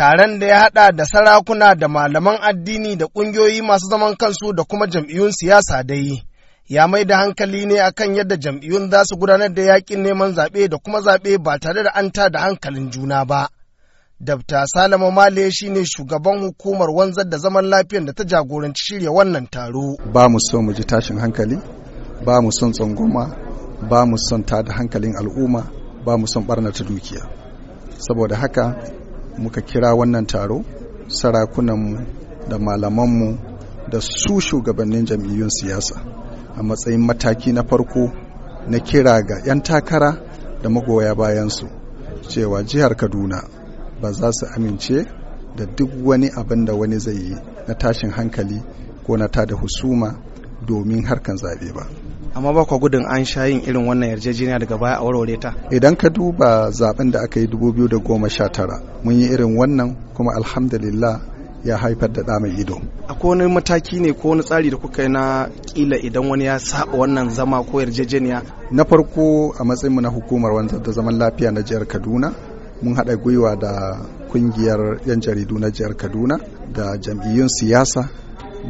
taron da ya haɗa da sarakuna da malaman addini da ƙungiyoyi masu zaman kansu da kuma jam'iyyun siyasa dai. Ya mai da hankali ne akan yadda jam'iyyun za su gudanar da yakin neman zaɓe da kuma zaɓe ba tare da an ta da hankalin juna ba. Dabta Salama Male shi ne shugaban hukumar wanzar da zaman lafiyar da ta jagoranci shirya wannan taro. Ba mu son mu ji tashin hankali, ba mu son tsangoma, ba mu son tada hankalin al'umma, ba mu son barnata dukiya. Saboda haka muka kira wannan taro sarakunanmu da malamanmu da su shugabannin jam'iyyun siyasa a matsayin mataki na farko na kira ga 'yan takara da magoya bayansu cewa jihar kaduna ba za su amince da duk wani abin da wani zai yi na tashin hankali ko na tada husuma domin harkan zaɓe ba amma ba kwa gudun an sha yin irin wannan yarjejeniya daga baya a warware ta idan ka duba zaben da aka yi 2019 mun yi irin wannan kuma alhamdulillah ya haifar da mai ido akwai wani mataki ne ko wani tsari da kuka yi na kila idan wani ya saba wannan zama ko yarjejeniya na farko a matsayin mu na hukumar wanda da zaman lafiya na jihar kaduna mun haɗa gwiwa da kungiyar 'yan jaridu na jihar kaduna da jam'iyyun siyasa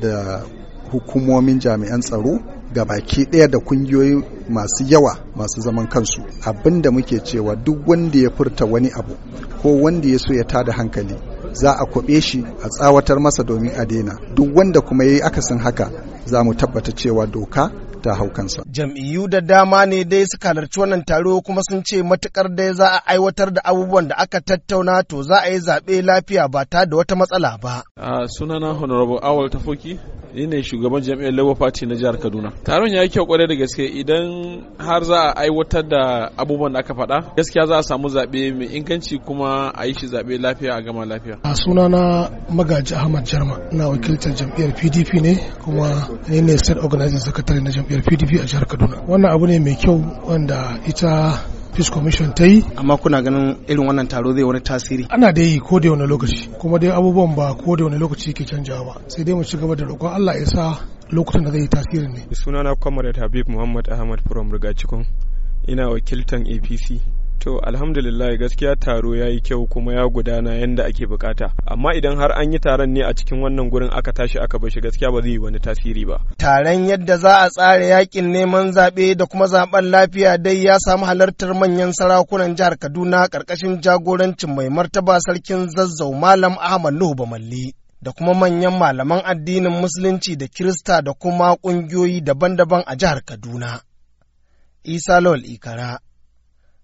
da hukumomin jami'an tsaro ga baki ɗaya da kungiyoyi masu yawa masu zaman kansu abin da muke cewa duk wanda ya furta wani abu ko wanda ya so ya tada hankali za a kwaɓe shi a tsawatar masa domin a daina duk wanda kuma ya yi akasin haka za mu tabbata cewa doka ta haukansa Jam'iyyu da dama ne dai suka halarci wannan taro kuma sun ce matukar dai za a aiwatar da abubuwan da aka tattauna to za a yi zaɓe lafiya ba ta da wata matsala ba. sunana Honorable Awal Tafoki ni ne shugaban jam'iyyar Labour Party na jihar Kaduna. Taron ya yi kyau kwarai da gaske idan har za a aiwatar da abubuwan da aka faɗa gaskiya za a samu zaɓe mai inganci kuma a yi shi zaɓe lafiya a gama lafiya. A sunana magaji Ahmad Jarma na wakiltar jam'iyyar PDP ne kuma ni ne state organizing secretary na jam'iyyar PDP a jihar Kaduna. Wannan abu ne mai kyau wanda ita peace commission ta yi amma kuna ganin irin wannan taro zai wani tasiri ana da yi ko da wani lokaci kuma dai abubuwan ba ko da wani lokaci ke canjawa ba sai dai mu ci gaba da roƙon Allah ya sa lokutan da zai yi tasiri ne sunana Comrade Habib Muhammad Ahmad from Rigacikun ina wakiltan APC to alhamdulillah gaskiya taro ya yi kyau kuma ya gudana yadda ake bukata amma idan har an yi taron ne a cikin wannan gurin aka tashi aka bashi gaskiya ba zai yi wani tasiri ba taron yadda za a tsara yakin neman zaɓe da kuma zaben lafiya dai ya samu halartar manyan sarakunan jihar kaduna ƙarƙashin jagorancin mai martaba sarkin zazzau malam ahmad nuhu bamalli da kuma manyan malaman addinin musulunci da kirista da kuma ƙungiyoyi daban-daban a jihar kaduna isa lawal ikara